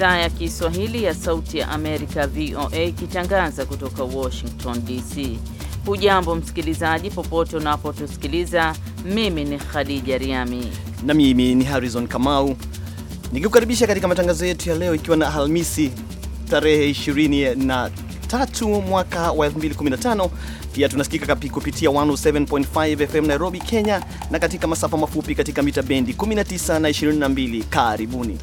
idhaa ya Kiswahili ya Sauti ya Amerika, VOA, ikitangaza kutoka Washington DC. Hujambo msikilizaji, popote unapotusikiliza. Mimi ni Khadija Riami na mimi ni Harrison Kamau nikikukaribisha katika matangazo yetu ya leo, ikiwa na Alhamisi tarehe 23 mwaka wa 2015. Pia tunasikika kupitia 107.5 FM Nairobi, Kenya, na katika masafa mafupi katika mita bendi 19 na 22. Karibuni.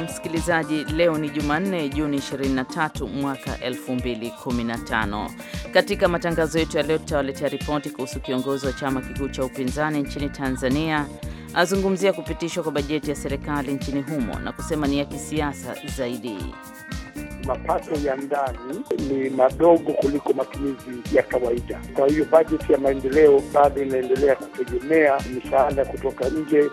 msikilizaji, leo ni Jumanne, Juni 23 mwaka 2015. Katika matangazo yetu ya leo, tutawaletea ripoti kuhusu kiongozi wa chama kikuu cha upinzani nchini Tanzania azungumzia kupitishwa kwa bajeti ya serikali nchini humo na kusema ni ya kisiasa zaidi. Mapato ya ndani ni madogo kuliko matumizi ya kawaida. Kwa hiyo bajeti ya maendeleo bado inaendelea kutegemea misaada kutoka nje.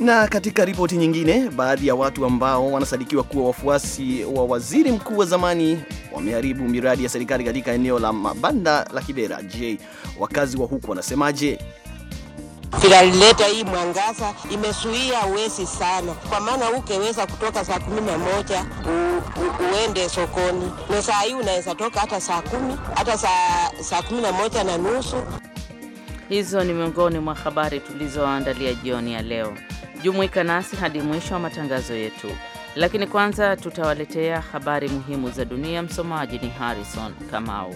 Na katika ripoti nyingine, baadhi ya watu ambao wanasadikiwa kuwa wafuasi wa waziri mkuu wa zamani wameharibu miradi ya serikali katika eneo la mabanda la Kibera. Je, wakazi wa huku wanasemaje? Finalileta hii mwangaza imezuia wezi sana, kwa maana ukeweza kutoka saa kumi na moja uende sokoni, na saa hii unaweza toka hata saa kumi hata saa, saa kumi na moja na nusu. Hizo ni miongoni mwa habari tulizoandalia jioni ya leo. Jumuika nasi hadi mwisho wa matangazo yetu, lakini kwanza tutawaletea habari muhimu za dunia. Msomaji ni Harrison Kamau.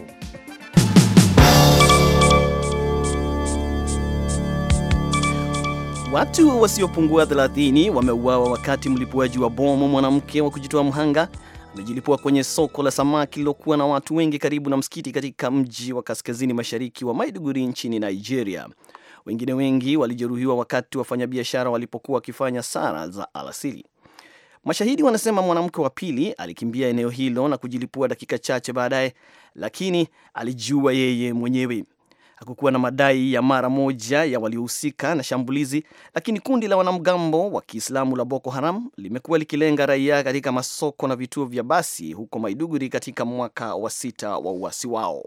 Watu wasiopungua 30 wameuawa wakati mlipuaji wa bomu mwanamke wa kujitoa mhanga amejilipua kwenye soko la samaki lilokuwa na watu wengi karibu na msikiti katika mji wa kaskazini mashariki wa Maiduguri nchini Nigeria. Wengine wengi walijeruhiwa wakati wafanyabiashara walipokuwa wakifanya sara za alasiri. Mashahidi wanasema mwanamke wa pili alikimbia eneo hilo na kujilipua dakika chache baadaye, lakini alijiua yeye mwenyewe. Hakukuwa na madai ya mara moja ya waliohusika na shambulizi, lakini kundi la wanamgambo wa Kiislamu la Boko Haram limekuwa likilenga raia katika masoko na vituo vya basi huko Maiduguri katika mwaka wa sita wa uasi wao.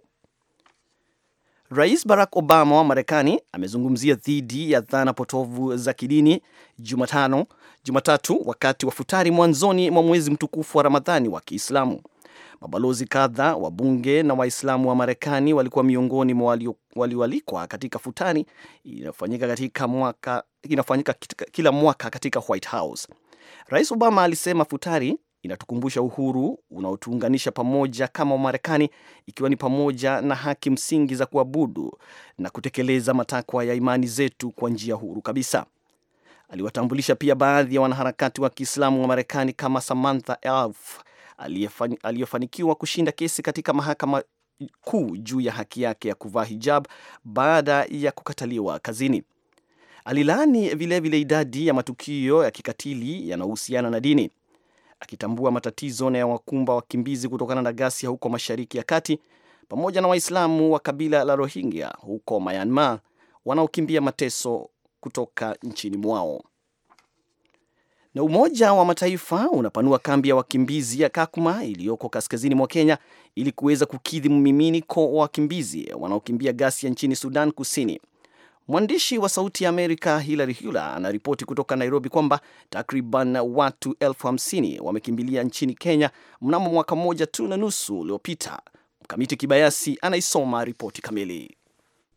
Rais Barack Obama wa Marekani amezungumzia dhidi ya dhana potovu za kidini Jumatano, Jumatatu, wakati wa futari mwanzoni mwa mwezi mtukufu wa Ramadhani wa Kiislamu. Mabalozi kadha wa bunge na Waislamu wa Marekani walikuwa miongoni mwa walioalikwa katika futari inayofanyika katika mwaka, inafanyika kila mwaka katika White House. Rais Obama alisema futari inatukumbusha uhuru unaotuunganisha pamoja kama Wamarekani, ikiwa ni pamoja na haki msingi za kuabudu na kutekeleza matakwa ya imani zetu kwa njia huru kabisa. Aliwatambulisha pia baadhi ya wanaharakati wa Kiislamu wa Marekani kama Samantha Elf aliyofanikiwa kushinda kesi katika mahakama kuu juu ya haki yake ya kuvaa hijab baada ya kukataliwa kazini. Alilaani vilevile idadi ya matukio ya kikatili yanayohusiana na dini akitambua matatizo na wakumba wakimbizi kutokana na ghasia huko Mashariki ya Kati pamoja na Waislamu wa kabila la Rohingya huko Myanmar wanaokimbia mateso kutoka nchini mwao. Na Umoja wa Mataifa unapanua kambi ya wakimbizi ya Kakuma iliyoko kaskazini mwa Kenya ili kuweza kukidhi mmiminiko wa wakimbizi wanaokimbia ghasia nchini Sudan Kusini. Mwandishi wa Sauti ya Amerika Hilary Hula anaripoti kutoka Nairobi kwamba takriban watu elfu hamsini wamekimbilia nchini Kenya mnamo mwaka mmoja tu na nusu uliopita. Mkamiti Kibayasi anaisoma ripoti kamili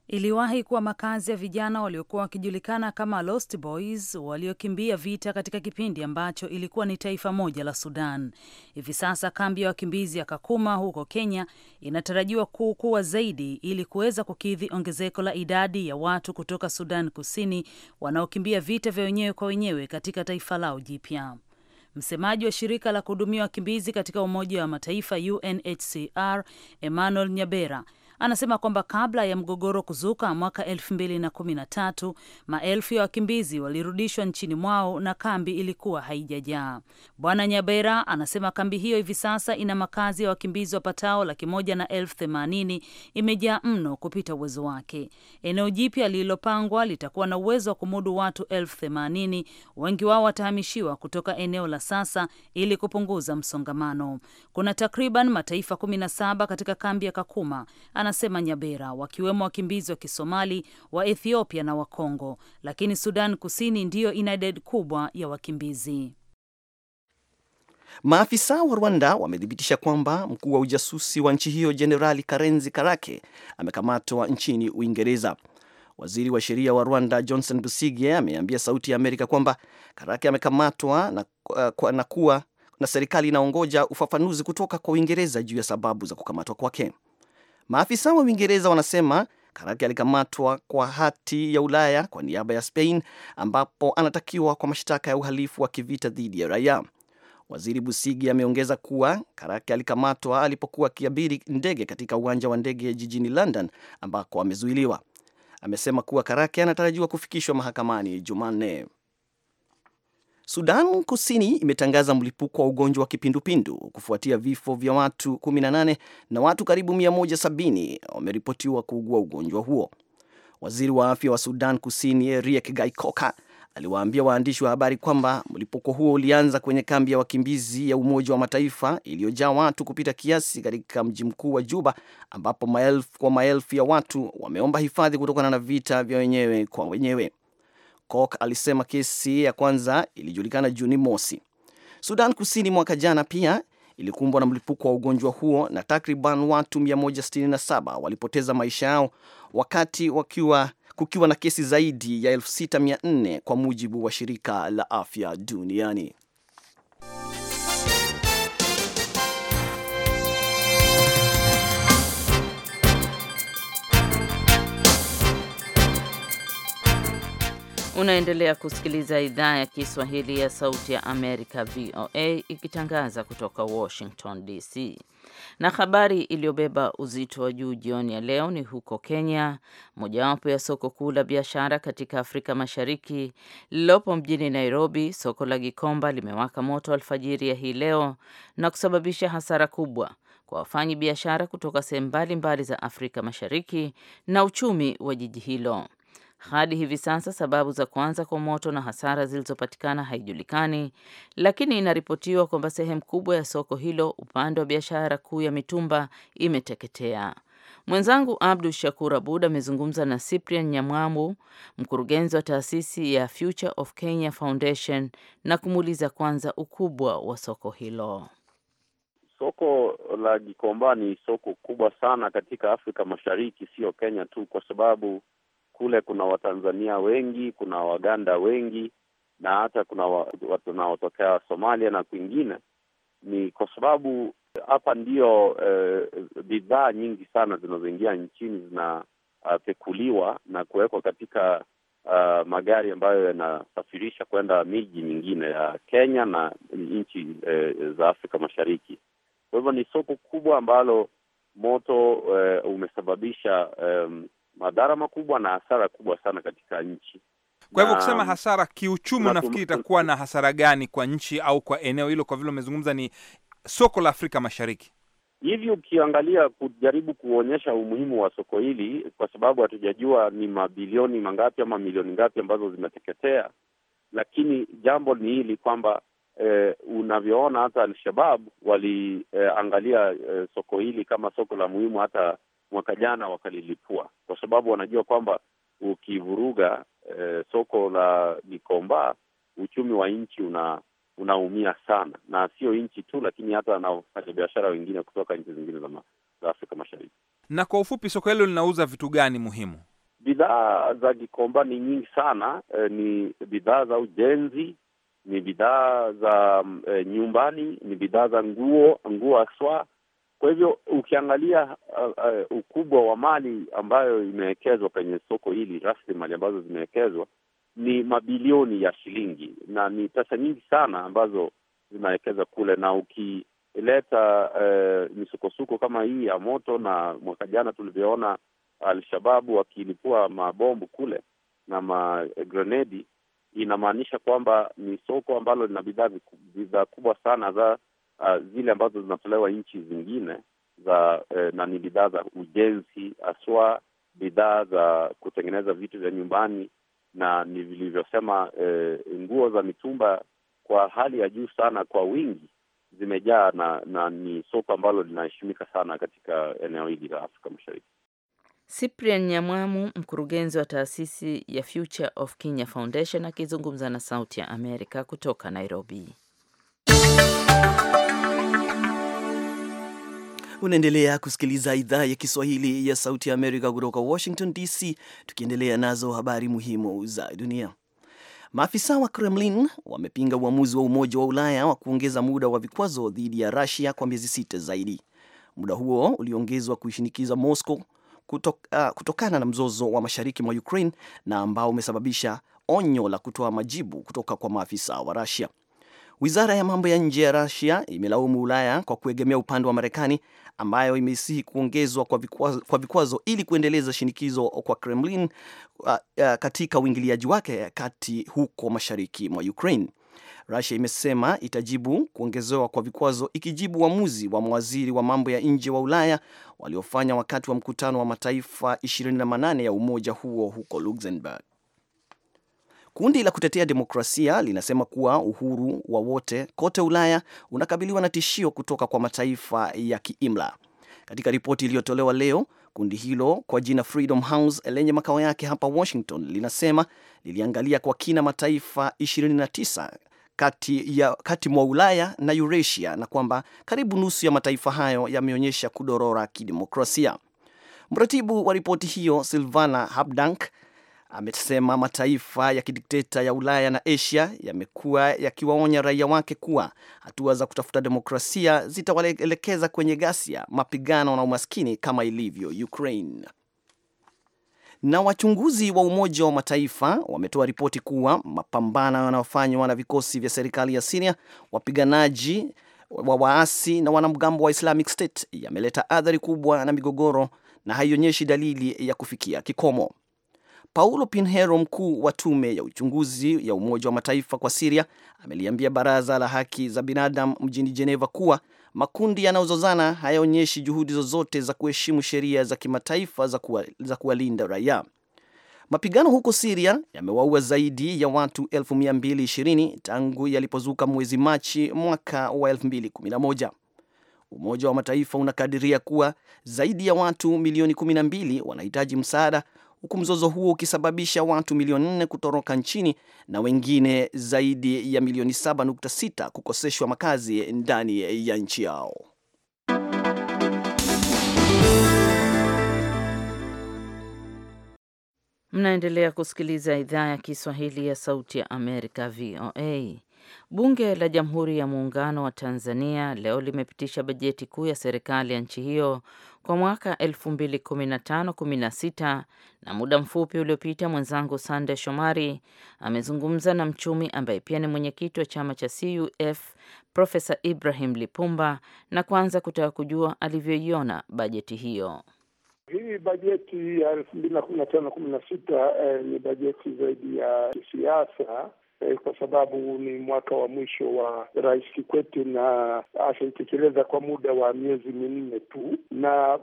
iliwahi kuwa makazi ya vijana waliokuwa wakijulikana kama Lost Boys waliokimbia vita katika kipindi ambacho ilikuwa ni taifa moja la Sudan. Hivi sasa kambi ya wakimbizi ya Kakuma huko Kenya inatarajiwa kukua zaidi ili kuweza kukidhi ongezeko la idadi ya watu kutoka Sudan Kusini wanaokimbia vita vya wenyewe kwa wenyewe katika taifa lao jipya. Msemaji wa shirika la kuhudumia wakimbizi katika Umoja wa Mataifa, UNHCR, Emmanuel Nyabera Anasema kwamba kabla ya mgogoro kuzuka mwaka elfu mbili na kumi na tatu maelfu ya wakimbizi walirudishwa nchini mwao na kambi ilikuwa haijajaa. Bwana Nyabera anasema kambi hiyo hivi sasa ina makazi ya wakimbizi wapatao laki moja na elfu themanini imejaa mno kupita uwezo wake. Eneo jipya lililopangwa litakuwa na uwezo wa kumudu watu elfu themanini. Wengi wao watahamishiwa kutoka eneo la sasa ili kupunguza msongamano. Kuna takriban mataifa kumi na saba katika kambi ya Kakuma anasema Nyabera, wakiwemo wakimbizi wa Kisomali, wa Ethiopia na wa Kongo, lakini Sudan Kusini ndiyo ina idadi kubwa ya wakimbizi. Maafisa wa Rwanda wamethibitisha kwamba mkuu wa ujasusi wa nchi hiyo Jenerali Karenzi Karake amekamatwa nchini Uingereza. Waziri wa sheria wa Rwanda Johnson Busige ameambia Sauti ya Amerika kwamba Karake amekamatwa na, uh, na kuwa na serikali inaongoja ufafanuzi kutoka kwa Uingereza juu ya sababu za kukamatwa kwake. Maafisa wa Uingereza wanasema Karake alikamatwa kwa hati ya Ulaya kwa niaba ya Spain, ambapo anatakiwa kwa mashtaka ya uhalifu wa kivita dhidi ya raia. Waziri Busigi ameongeza kuwa Karake alikamatwa alipokuwa akiabiri ndege katika uwanja wa ndege jijini London, ambako amezuiliwa. Amesema kuwa Karake anatarajiwa kufikishwa mahakamani Jumanne. Sudan Kusini imetangaza mlipuko wa ugonjwa wa kipindupindu kufuatia vifo vya watu 18 na watu karibu 170 wameripotiwa kuugua ugonjwa huo. Waziri wa afya wa Sudan Kusini Riek gaikoka aliwaambia waandishi wa habari kwamba mlipuko huo ulianza kwenye kambi ya wakimbizi ya Umoja wa Mataifa iliyojaa watu kupita kiasi katika mji mkuu wa Juba, ambapo maelfu kwa maelfu ya watu wameomba hifadhi kutokana na vita vya wenyewe kwa wenyewe. Cook alisema kesi ya kwanza ilijulikana Juni mosi. Sudan Kusini mwaka jana pia ilikumbwa na mlipuko wa ugonjwa huo na takriban watu 167 walipoteza maisha yao wakati wakiwa kukiwa na kesi zaidi ya 6400 kwa mujibu wa shirika la afya duniani. Unaendelea kusikiliza idhaa ya Kiswahili ya Sauti ya Amerika, VOA, ikitangaza kutoka Washington DC. Na habari iliyobeba uzito wa juu jioni ya leo ni huko Kenya, mojawapo ya soko kuu la biashara katika Afrika Mashariki lililopo mjini Nairobi. Soko la Gikomba limewaka moto alfajiri ya hii leo na kusababisha hasara kubwa kwa wafanyi biashara kutoka sehemu mbalimbali za Afrika Mashariki na uchumi wa jiji hilo. Hadi hivi sasa sababu za kuanza kwa moto na hasara zilizopatikana haijulikani, lakini inaripotiwa kwamba sehemu kubwa ya soko hilo upande wa biashara kuu ya mitumba imeteketea. Mwenzangu Abdu Shakur Abud amezungumza na Cyprian Nyamwamu, mkurugenzi wa taasisi ya Future of Kenya Foundation, na kumuuliza kwanza ukubwa wa soko hilo. Soko la Gikomba ni soko kubwa sana katika Afrika Mashariki, sio Kenya tu, kwa sababu kule kuna Watanzania wengi, kuna Waganda wengi na hata kuna watu wanaotokea Somalia na kwingine. Ni kwa sababu hapa ndiyo eh, bidhaa nyingi sana zinazoingia nchini zinapekuliwa ah, uh, na kuwekwa katika uh, magari ambayo yanasafirisha kwenda miji mingine ya Kenya na nchi eh, za Afrika Mashariki. Kwa hivyo ni soko kubwa ambalo moto eh, umesababisha madhara makubwa na hasara kubwa sana katika nchi. Kwa hivyo kusema hasara kiuchumi, nafikiri itakuwa na hasara gani kwa nchi au kwa eneo hilo? Kwa vile umezungumza ni soko la Afrika Mashariki hivi, ukiangalia kujaribu kuonyesha umuhimu wa soko hili, kwa sababu hatujajua ni mabilioni mangapi ama milioni ngapi ambazo zimeteketea, lakini jambo ni hili kwamba eh, unavyoona hata Al-Shabab waliangalia eh, eh, soko hili kama soko la muhimu hata mwaka jana wakalilipua, kwa sababu wanajua kwamba ukivuruga eh, soko la mikomba, uchumi wa nchi una unaumia sana, na sio nchi tu, lakini hata na wafanyabiashara wengine kutoka nchi zingine za, ma, za Afrika Mashariki. Na kwa ufupi, soko hilo linauza vitu gani muhimu? Bidhaa za Gikomba ni nyingi sana eh, ni bidhaa za ujenzi, ni bidhaa za e, nyumbani, ni bidhaa za nguo, nguo haswa kwa hivyo ukiangalia uh, uh, ukubwa wa mali ambayo imewekezwa kwenye soko hili, rasilimali ambazo zimewekezwa ni mabilioni ya shilingi na ni pesa nyingi sana ambazo zinawekeza kule, na ukileta uh, misukosuko kama hii ya moto, na mwaka jana tulivyoona Alshababu wakilipua mabombu kule na magrenedi, inamaanisha kwamba ni soko ambalo lina bidhaa bidhaa kubwa sana za uh, zile ambazo zinatolewa nchi zingine za eh, na ni bidhaa za ujenzi haswa bidhaa za kutengeneza vitu vya nyumbani na ni vilivyosema eh, nguo za mitumba kwa hali ya juu sana, kwa wingi zimejaa, na, na ni soko ambalo linaheshimika sana katika eneo hili la Afrika Mashariki. Cyprian Nyamwamu, mkurugenzi wa taasisi ya Future of Kenya Foundation, akizungumza na Sauti ya Amerika kutoka Nairobi. Unaendelea kusikiliza idhaa ya Kiswahili ya Sauti ya Amerika kutoka Washington DC, tukiendelea nazo habari muhimu za dunia. Maafisa wa Kremlin wamepinga uamuzi wa Umoja wa Ulaya wa kuongeza muda wa vikwazo dhidi ya Rusia kwa miezi sita zaidi. Muda huo uliongezwa kuishinikiza Moscow kutoka, uh, kutokana na mzozo wa mashariki mwa Ukraine na ambao umesababisha onyo la kutoa majibu kutoka kwa maafisa wa Rusia. Wizara ya mambo ya nje ya Rusia imelaumu Ulaya kwa kuegemea upande wa Marekani ambayo imesihi kuongezwa kwa vikwazo, kwa vikwazo ili kuendeleza shinikizo kwa Kremlin uh, uh, katika uingiliaji wake kati huko mashariki mwa Ukraine. Russia imesema itajibu kuongezewa kwa vikwazo ikijibu uamuzi wa, wa mawaziri wa mambo ya nje wa Ulaya waliofanya wakati wa mkutano wa mataifa 28 ya umoja huo huko Luxembourg. Kundi la kutetea demokrasia linasema kuwa uhuru wa wote kote Ulaya unakabiliwa na tishio kutoka kwa mataifa ya kiimla. Katika ripoti iliyotolewa leo, kundi hilo kwa jina Freedom House lenye makao yake hapa Washington linasema liliangalia kwa kina mataifa 29 kati, ya, kati mwa Ulaya na Eurasia na kwamba karibu nusu ya mataifa hayo yameonyesha kudorora kidemokrasia. Mratibu wa ripoti hiyo Silvana Habdank amesema mataifa ya kidikteta ya Ulaya na Asia yamekuwa yakiwaonya raia wake kuwa hatua za kutafuta demokrasia zitawaelekeza kwenye ghasia, mapigano na umaskini kama ilivyo Ukraine. Na wachunguzi wa Umoja wa Mataifa wametoa ripoti kuwa mapambano yanayofanywa na vikosi vya serikali ya Siria, wapiganaji wa waasi na wanamgambo wa Islamic State yameleta athari kubwa na migogoro na haionyeshi dalili ya kufikia kikomo. Paulo Pinheiro, mkuu wa tume ya uchunguzi ya Umoja wa Mataifa kwa Siria, ameliambia baraza la haki za binadamu mjini Jeneva kuwa makundi yanayozozana hayaonyeshi juhudi zozote za kuheshimu sheria za kimataifa za kuwalinda raia. Mapigano huko Siria yamewaua zaidi ya watu 220 tangu yalipozuka mwezi Machi mwaka wa 2011. Umoja wa Mataifa unakadiria kuwa zaidi ya watu milioni 12 wanahitaji msaada huku mzozo huo ukisababisha watu milioni nne kutoroka nchini na wengine zaidi ya milioni 7.6 kukoseshwa makazi ndani ya nchi yao. Mnaendelea kusikiliza idhaa ya Kiswahili ya Sauti ya Amerika, VOA. Bunge la Jamhuri ya Muungano wa Tanzania leo limepitisha bajeti kuu ya serikali ya nchi hiyo kwa mwaka 2015-16 na muda mfupi uliopita, mwenzangu Sande Shomari amezungumza na mchumi ambaye pia ni mwenyekiti wa chama cha CUF Profesa Ibrahim Lipumba na kwanza kutaka kujua alivyoiona bajeti hiyo. Hii bajeti ya elfu mbili na kumi na tano kumi na sita eh, ni bajeti zaidi ya kisiasa eh, kwa sababu ni mwaka wa mwisho wa Rais Kikwete na ataitekeleza kwa muda wa miezi minne tu, na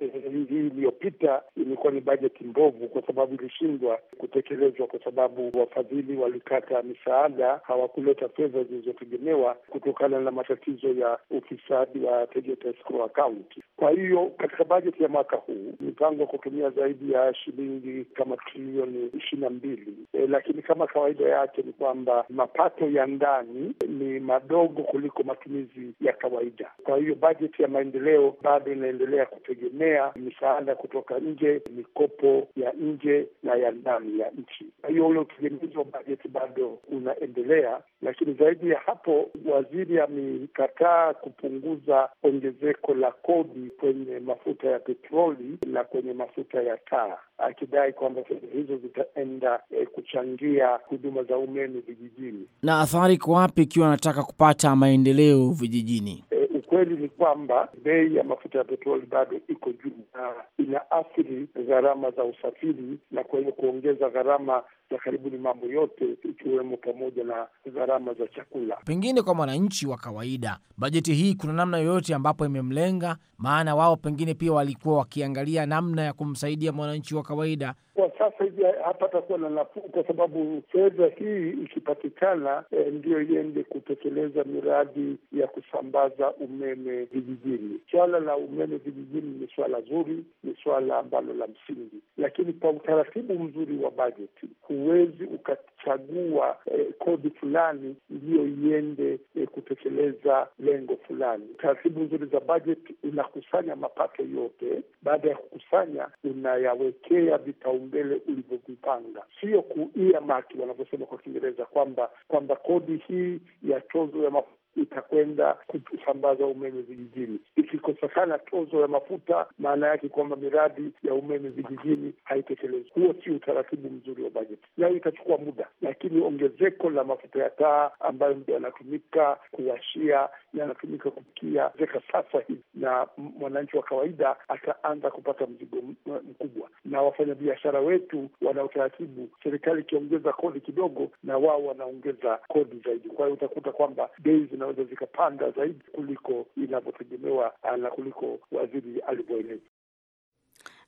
eh, hii iliyopita ilikuwa ni bajeti mbovu, kwa sababu ilishindwa kutekelezwa kwa sababu wafadhili walikata misaada, hawakuleta fedha zilizotegemewa kutokana na matatizo ya ufisadi wa Tegeta Escrow Account. Kwa hiyo katika bajeti ya mwaka huu mipango ya kutumia zaidi ya shilingi kama trilioni ishirini na mbili, e, lakini kama kawaida yake ni kwamba mapato ya ndani ni madogo kuliko matumizi ya kawaida. Kwa hiyo bajeti ya maendeleo bado inaendelea kutegemea misaada kutoka nje, mikopo ya nje na ya ndani ya nchi. Kwa hiyo ule utegemezi wa bajeti bado unaendelea, lakini zaidi ya hapo, waziri amekataa kupunguza ongezeko la kodi kwenye mafuta ya petroli na kwenye mafuta ya taa, akidai kwamba fedha hizo zitaenda eh, kuchangia huduma za umeme yenu vijijini, na athari kwa wapi ikiwa anataka kupata maendeleo vijijini? E, ukweli ni kwamba bei ya mafuta ya petroli bado iko juu na ina athiri gharama za usafiri, na kwa hiyo kuongeza gharama za karibu ni mambo yote ikiwemo pamoja na gharama za chakula. Pengine kwa mwananchi wa kawaida, bajeti hii kuna namna yoyote ambapo imemlenga? Maana wao pengine pia walikuwa wakiangalia namna ya kumsaidia mwananchi wa kawaida kwa sasa hivi atakuwa na nafuu, kwa sababu fedha hii ikipatikana e, ndiyo iende kutekeleza miradi ya kusambaza umeme vijijini. Swala la umeme vijijini ni swala zuri, ni swala ambalo la msingi, lakini kwa utaratibu mzuri wa bajeti huwezi ukachagua e, kodi fulani ndiyo iende e, kutekeleza lengo fulani. Taratibu nzuri za bajeti unakusanya mapato yote, baada ya kukusanya unayawekea vitau kipaumbele ulivyovipanga, sio kuia maki wanavyosema kwa Kiingereza, kwamba kwamba kodi hii ya tozo ya mafuta itakwenda kusambaza umeme vijijini. Ikikosekana tozo ya mafuta, maana yake kwamba miradi ya umeme vijijini haitekelezwi. Huo si utaratibu mzuri wa bajeti, nayo itachukua muda, lakini ongezeko la mafuta ya taa ambayo ndio yanatumika kuwashia, yanatumika kupikia zeka sasa hivi, na mwananchi wa kawaida ataanza kupata mzigo mkubwa, na wafanyabiashara wetu wana utaratibu, serikali ikiongeza kodi kidogo, na wao wanaongeza kodi zaidi. Kwa hiyo utakuta kwamba bei zina zinaweza zikapanda zaidi kuliko inavyotegemewa ah, na kuliko waziri alivyoeleza.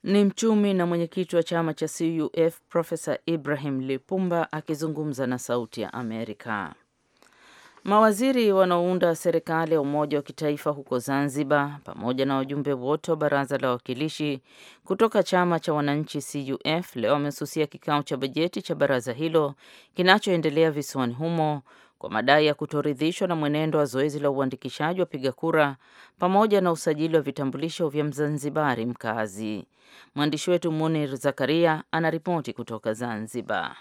Ni mchumi na mwenyekiti wa chama cha CUF Profesa Ibrahim Lipumba akizungumza na Sauti ya Amerika. Mawaziri wanaounda serikali ya umoja wa kitaifa huko Zanzibar pamoja na wajumbe wote wa baraza la wawakilishi kutoka chama cha wananchi CUF leo wamesusia kikao cha bajeti cha baraza hilo kinachoendelea visiwani humo kwa madai ya kutoridhishwa na mwenendo wa zoezi la uandikishaji wa piga kura pamoja na usajili wa vitambulisho vya Mzanzibari mkazi. Mwandishi wetu Munir Zakaria anaripoti kutoka Zanzibar.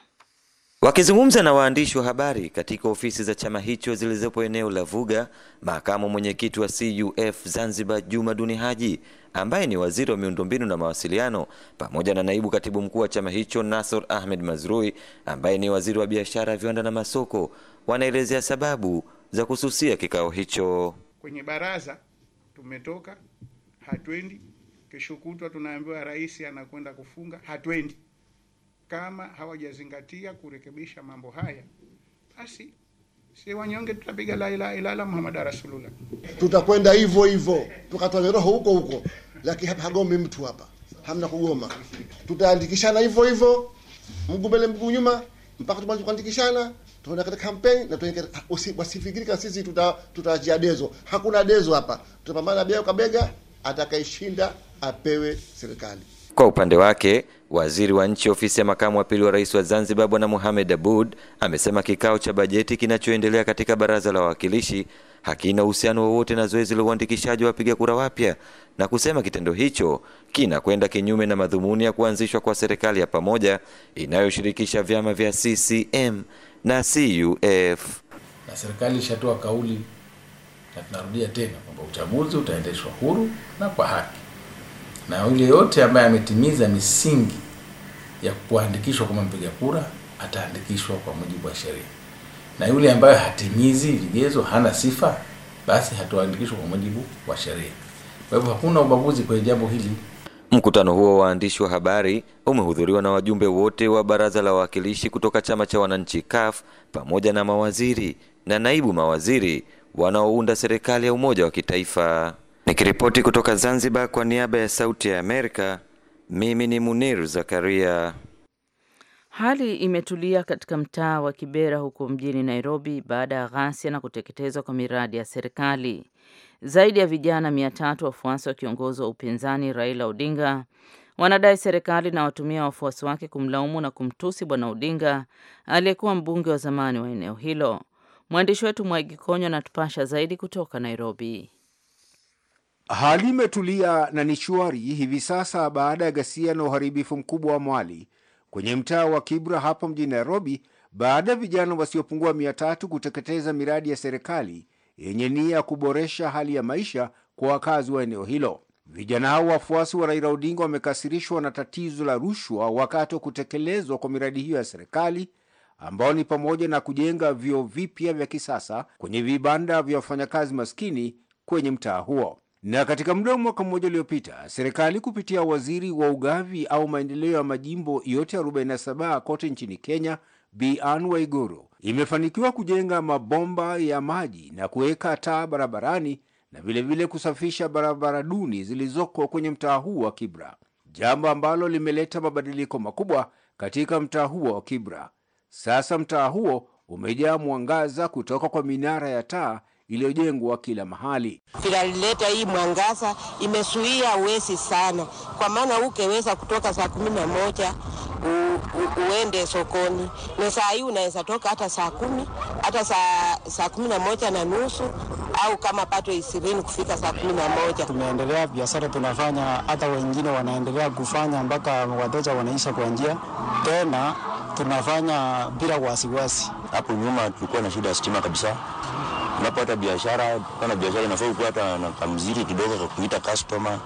Wakizungumza na waandishi wa habari katika ofisi za chama hicho zilizopo eneo la Vuga, makamu mwenyekiti wa CUF Zanzibar Juma Duni Haji ambaye ni waziri wa miundombinu na mawasiliano pamoja na naibu katibu mkuu wa chama hicho Nasor Ahmed Mazrui ambaye ni waziri wa biashara, viwanda na masoko, wanaelezea sababu za kususia kikao hicho. Kwenye baraza tumetoka, hatwendi. Kesho kutwa tunaambiwa rais anakwenda kufunga, hatwendi kama hawajazingatia kurekebisha mambo haya, basi si wanyonge tutapiga la ilaha illallah Muhammad rasulullah, tutakwenda hivyo hivyo tukatane roho huko huko, lakini hagomi mtu hapa, hamna kugoma. Tutaandikishana hivyo hivyo, mguu mbele mguu nyuma, mpaka tumalize kuandikishana. tuna katika kampeni na tunaenda wasifikiri kama sisi tutajia dezo. Hakuna dezo hapa, tutapambana bega kwa bega, atakayeshinda apewe serikali. Kwa upande wake waziri wa nchi ofisi ya makamu wa pili wa rais wa Zanzibar Bwana Mohamed Aboud amesema kikao cha bajeti kinachoendelea katika baraza la wawakilishi hakina uhusiano wowote na zoezi la uandikishaji wa wapiga kura wapya na kusema kitendo hicho kinakwenda kinyume na madhumuni ya kuanzishwa kwa serikali ya pamoja inayoshirikisha vyama vya CCM na CUF. Na serikali ishatoa kauli na tunarudia tena kwamba uchaguzi utaendeshwa huru na kwa haki na yule yote ambaye ametimiza misingi ya kuandikishwa kama mpiga kura ataandikishwa kwa mujibu wa sheria, na yule ambaye hatimizi vigezo, hana sifa, basi hatoandikishwa kwa mujibu wa sheria. Kwa hivyo hakuna ubaguzi kwenye jambo hili. Mkutano huo wa waandishi wa habari umehudhuriwa na wajumbe wote wa Baraza la Wawakilishi kutoka Chama cha Wananchi CUF pamoja na mawaziri na naibu mawaziri wanaounda serikali ya umoja wa kitaifa. Nikiripoti kutoka Zanzibar kwa niaba ya Sauti ya Amerika, mimi ni Munir Zakaria. Hali imetulia katika mtaa wa Kibera huko mjini Nairobi baada ya ghasia na kuteketezwa kwa miradi ya serikali. Zaidi ya vijana mia tatu wafuasi wa kiongozi wa upinzani Raila Odinga wanadai serikali na watumia wafuasi wake kumlaumu na kumtusi Bwana Odinga aliyekuwa mbunge wa zamani wa eneo hilo. Mwandishi wetu Mwaigi Konyo anatupasha zaidi kutoka Nairobi. Hali imetulia na ni shwari hivi sasa baada ya ghasia na uharibifu mkubwa wa mali kwenye mtaa wa Kibra hapa mjini Nairobi, baada ya vijana wasiopungua mia tatu kuteketeza miradi ya serikali yenye nia ya kuboresha hali ya maisha kwa wakazi wa eneo hilo. Vijana hao wafuasi wa Raila Odinga wamekasirishwa na tatizo la rushwa wakati wa kutekelezwa kwa miradi hiyo ya serikali ambao ni pamoja na kujenga vyoo vipya vya kisasa kwenye vibanda vya wafanyakazi maskini kwenye mtaa huo. Na katika muda wa mwaka mmoja uliopita, serikali kupitia waziri wa ugavi au maendeleo ya majimbo yote 47 kote nchini Kenya, Bi Anne Waiguru, imefanikiwa kujenga mabomba ya maji na kuweka taa barabarani na vilevile kusafisha barabara duni zilizoko kwenye mtaa huu wa Kibra, jambo ambalo limeleta mabadiliko makubwa katika mtaa huo wa Kibra. Sasa mtaa huo umejaa mwangaza kutoka kwa minara ya taa iliyojengwa kila mahali. Inalileta hii mwangaza, imezuia wezi sana, kwa maana ukeweza kutoka saa kumi na moja uende sokoni, na saa hii unaweza toka hata saa kumi hata saa, saa kumi na moja na nusu au kama pato ishirini kufika saa kumi na moja. Tumeendelea biashara tunafanya, hata wengine wanaendelea kufanya mpaka wateja wanaisha kwa njia, tena tunafanya bila wasiwasi. Hapo nyuma tulikuwa na shida ya stima kabisa hata biashara kana biashara inafaa ukuwa hata na kamziri kidogo kakuita customer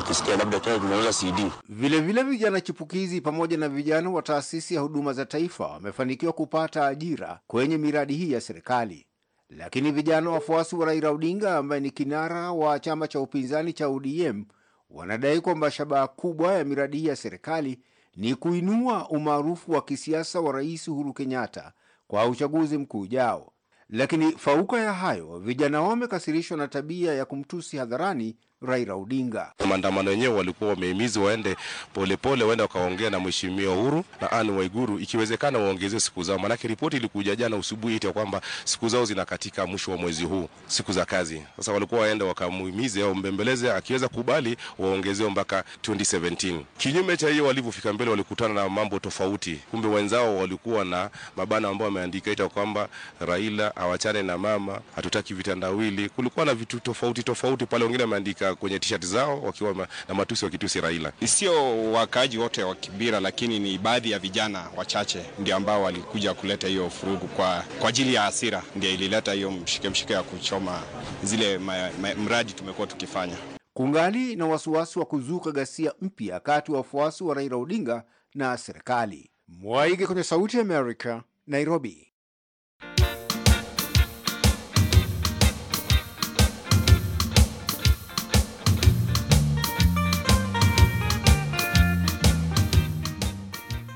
ukisikia labda tena tunauza CD. Vilevile vijana chipukizi pamoja na vijana wa taasisi ya huduma za taifa wamefanikiwa kupata ajira kwenye miradi hii ya serikali. Lakini vijana wafuasi wa Raila Odinga ambaye ni kinara wa chama cha upinzani cha ODM wanadai kwamba shabaha kubwa ya miradi hii ya serikali ni kuinua umaarufu wa kisiasa wa Rais Uhuru Kenyatta kwa uchaguzi mkuu ujao. Lakini fauka ya hayo, vijana wamekasirishwa na tabia ya kumtusi hadharani Raila Odinga. Maandamano yenyewe walikuwa wamehimizi waende polepole, waende wakaongea na mheshimiwa Uhuru na Anne Waiguru, ikiwezekana waongeze siku zao, maanake ripoti ilikuja jana usubuhi ya kwamba siku zao zinakatika mwisho wa mwezi huu, siku za kazi. Sasa walikuwa waende wakamuhimize au mbembeleze, akiweza kubali waongezewe mpaka 2017. Kinyume cha hiyo, walivyofika mbele walikutana na mambo tofauti, kumbe wenzao walikuwa na mabana ambao wameandika ita kwamba Raila awachane na mama, hatutaki vitandawili. Kulikuwa na vitu tofauti tofauti pale, wengine wameandika kwenye tishati zao wakiwa na matusi wakitusi Raila. Sio wakaaji wote wa Kibira, lakini ni baadhi ya vijana wachache ndio ambao walikuja kuleta hiyo furugu kwa, kwa ajili ya hasira, ndio ilileta hiyo mshike mshike ya kuchoma zile ma, ma, mradi tumekuwa tukifanya. Kungali na wasiwasi wa kuzuka ghasia mpya kati wa wafuasi wa Raila Odinga na serikali. Mwaige kwenye Sauti ya Amerika, Nairobi.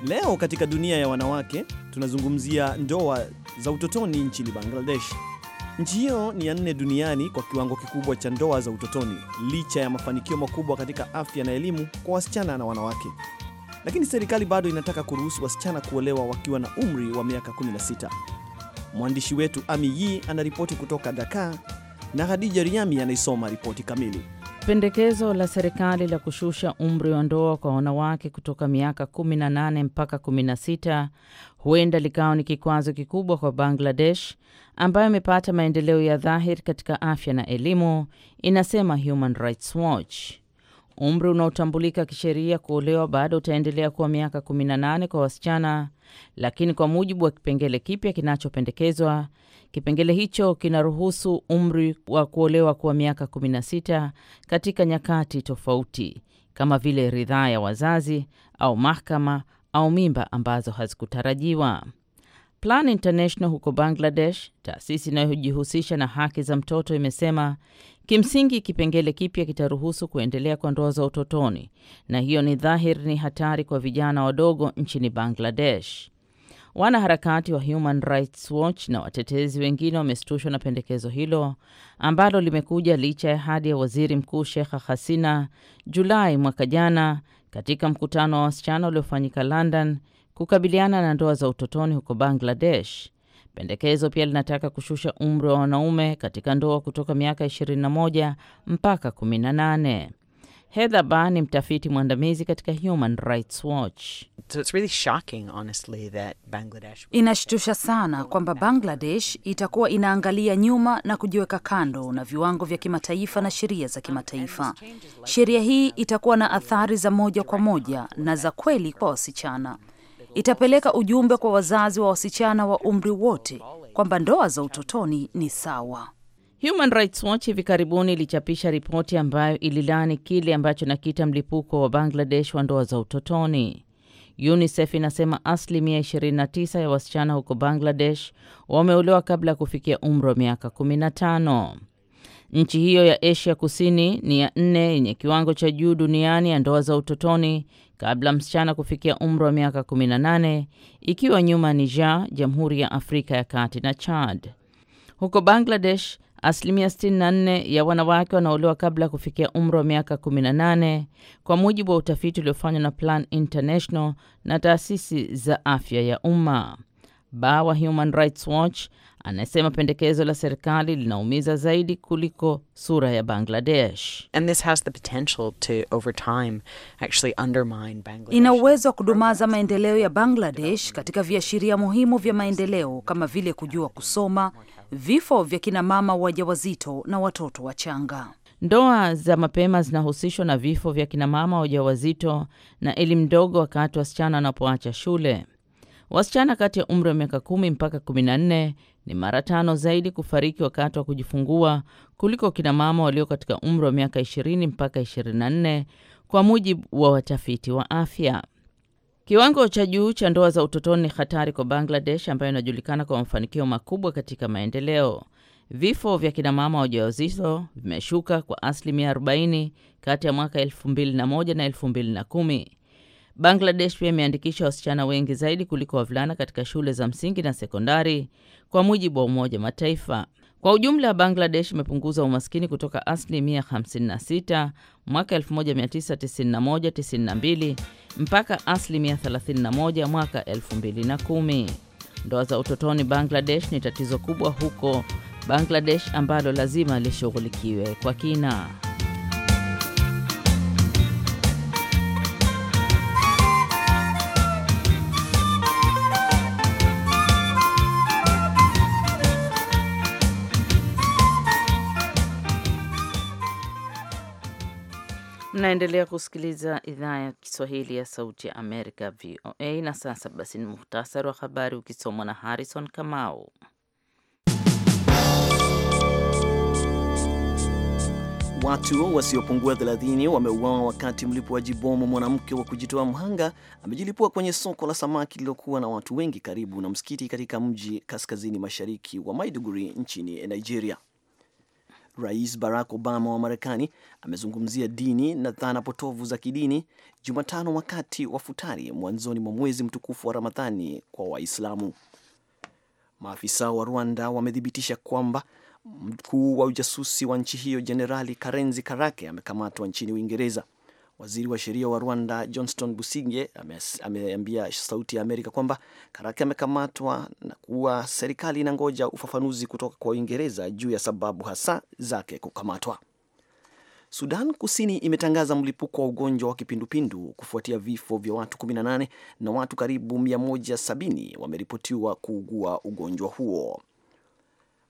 Leo katika dunia ya wanawake tunazungumzia ndoa za utotoni nchini Bangladesh. Nchi hiyo ni ya nne duniani kwa kiwango kikubwa cha ndoa za utotoni, licha ya mafanikio makubwa katika afya na elimu kwa wasichana na wanawake. Lakini serikali bado inataka kuruhusu wasichana kuolewa wakiwa na umri wa miaka 16. Mwandishi wetu Ami Yi anaripoti kutoka dakar na Hadija Riami anaisoma ripoti kamili. Pendekezo la serikali la kushusha umri wa ndoa kwa wanawake kutoka miaka 18 mpaka 16 huenda likawa ni kikwazo kikubwa kwa Bangladesh ambayo imepata maendeleo ya dhahiri katika afya na elimu, inasema Human Rights Watch. Umri unaotambulika kisheria kuolewa bado utaendelea kuwa miaka 18 kwa wasichana, lakini kwa mujibu wa kipengele kipya kinachopendekezwa, kipengele hicho kinaruhusu umri wa kuolewa kuwa miaka 16 katika nyakati tofauti, kama vile ridhaa ya wazazi au mahakama au mimba ambazo hazikutarajiwa. Plan International huko Bangladesh, taasisi inayojihusisha na haki za mtoto, imesema Kimsingi, kipengele kipya kitaruhusu kuendelea kwa ndoa za utotoni, na hiyo ni dhahiri ni hatari kwa vijana wadogo nchini Bangladesh. Wanaharakati wa Human Rights Watch na watetezi wengine wameshtushwa na pendekezo hilo ambalo limekuja licha ya ahadi ya waziri mkuu Sheikh Hasina Julai mwaka jana katika mkutano wa wasichana uliofanyika London kukabiliana na ndoa za utotoni huko Bangladesh Pendekezo pia linataka kushusha umri wa wanaume katika ndoa kutoka miaka 21 mpaka 18. Heather Ba ni mtafiti mwandamizi katika Human Rights Watch. So it's really shocking, honestly, that Bangladesh... Inashtusha sana kwamba Bangladesh itakuwa inaangalia nyuma na kujiweka kando na viwango vya kimataifa na sheria za kimataifa. Sheria hii itakuwa na athari za moja kwa moja na za kweli kwa wasichana itapeleka ujumbe kwa wazazi wa wasichana wa umri wote kwamba ndoa za utotoni ni sawa. Human Rights Watch hivi karibuni ilichapisha ripoti ambayo ililani kile ambacho nakiita mlipuko wa Bangladesh wa ndoa za utotoni. UNICEF inasema asilimia 29 ya wasichana huko Bangladesh wameolewa kabla ya kufikia umri wa miaka 15. Nchi hiyo ya Asia Kusini ni ya nne yenye kiwango cha juu duniani ya ndoa za utotoni kabla msichana kufikia umri wa miaka 18 ikiwa nyuma ya Niger, Jamhuri ya Afrika ya Kati na Chad. Huko Bangladesh, asilimia 64 ya wanawake wanaolewa kabla ya kufikia umri wa miaka 18 kwa mujibu wa utafiti uliofanywa na Plan International na taasisi za afya ya umma. Bawa Human Rights Watch anasema pendekezo la serikali linaumiza zaidi kuliko sura ya Bangladesh. And this has the potential to over time actually undermine Bangladesh. Ina uwezo wa kudumaza maendeleo ya Bangladesh katika viashiria muhimu vya maendeleo kama vile kujua kusoma, vifo vya kinamama wajawazito na watoto wachanga. Ndoa za mapema zinahusishwa na vifo vya kinamama wajawazito na elimu ndogo wakati wasichana wanapoacha shule. Wasichana kati ya umri wa miaka kumi mpaka kumi na nne ni mara tano zaidi kufariki wakati wa kujifungua kuliko kinamama walio katika umri wa miaka 20 mpaka 24, kwa mujibu wa watafiti wa afya. Kiwango cha juu cha ndoa za utotoni ni hatari kwa Bangladesh, ambayo inajulikana kwa mafanikio makubwa katika maendeleo. Vifo vya kinamama wajawazito vimeshuka kwa asilimia 40 kati ya mwaka 2001 na 2010. Bangladesh pia imeandikisha wasichana wengi zaidi kuliko wavulana katika shule za msingi na sekondari kwa mujibu wa Umoja Mataifa. Kwa ujumla, Bangladesh imepunguza umaskini kutoka asilimia 56 mwaka 1991 92 mpaka asilimia 31 mwaka 2010. Ndoa za utotoni Bangladesh ni tatizo kubwa huko Bangladesh ambalo lazima lishughulikiwe kwa kina. Mnaendelea kusikiliza idhaa ya Kiswahili ya Sauti ya Amerika, VOA. Na sasa basi ni muhtasari wa habari ukisomwa na Harrison Kamau. Watu wasiopungua 30 wameuawa wakati mlipuaji bomu mwanamke wa kujitoa mhanga amejilipua kwenye soko la samaki lililokuwa na watu wengi karibu na msikiti katika mji kaskazini mashariki wa Maiduguri nchini Nigeria. Rais Barack Obama wa Marekani amezungumzia dini na dhana potovu za kidini Jumatano wakati wa futari mwanzoni mwa mwezi mtukufu wa Ramadhani kwa Waislamu. Maafisa wa Rwanda wamethibitisha kwamba mkuu wa ujasusi wa nchi hiyo Jenerali Karenzi Karake amekamatwa nchini Uingereza. Waziri wa sheria wa Rwanda Johnston businge ameambia Sauti ya Amerika kwamba Karake amekamatwa na kuwa serikali inangoja ufafanuzi kutoka kwa Uingereza juu ya sababu hasa zake kukamatwa. Sudan Kusini imetangaza mlipuko wa ugonjwa wa kipindupindu kufuatia vifo vya watu 18 na watu karibu 170 wameripotiwa kuugua ugonjwa huo.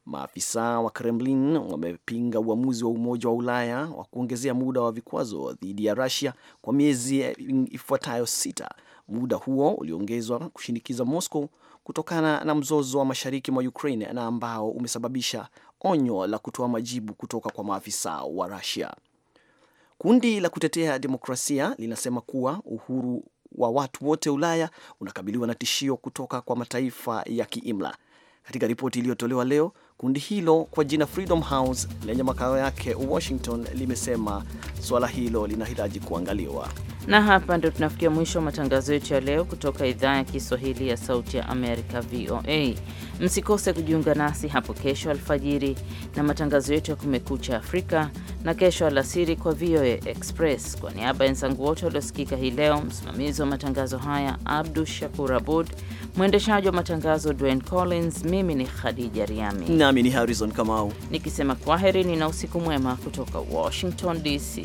Maafisa wa Kremlin wamepinga uamuzi wa Umoja wa Ulaya wa kuongezea muda wa vikwazo dhidi ya Rusia kwa miezi ifuatayo sita, muda huo ulioongezwa kushinikiza Moscow kutokana na mzozo wa mashariki mwa Ukraine na ambao umesababisha onyo la kutoa majibu kutoka kwa maafisa wa Rusia. Kundi la kutetea demokrasia linasema kuwa uhuru wa watu wote Ulaya unakabiliwa na tishio kutoka kwa mataifa ya kiimla. Katika ripoti iliyotolewa leo Kundi hilo kwa jina Freedom House lenye makao yake Washington limesema suala hilo linahitaji kuangaliwa. Na hapa ndio tunafikia mwisho wa matangazo yetu ya leo kutoka idhaa ya Kiswahili ya Sauti ya Amerika, VOA. Msikose kujiunga nasi hapo kesho alfajiri na matangazo yetu ya Kumekucha Afrika na kesho alasiri kwa VOA Express. Kwa niaba ya wenzangu wote waliosikika hii leo, msimamizi wa matangazo haya Abdu Shakur Abud, mwendeshaji wa matangazo Dwayne Collins, mimi ni Khadija Riami nami ni Harrison Kamau nikisema kwaherini na usiku mwema kutoka Washington DC.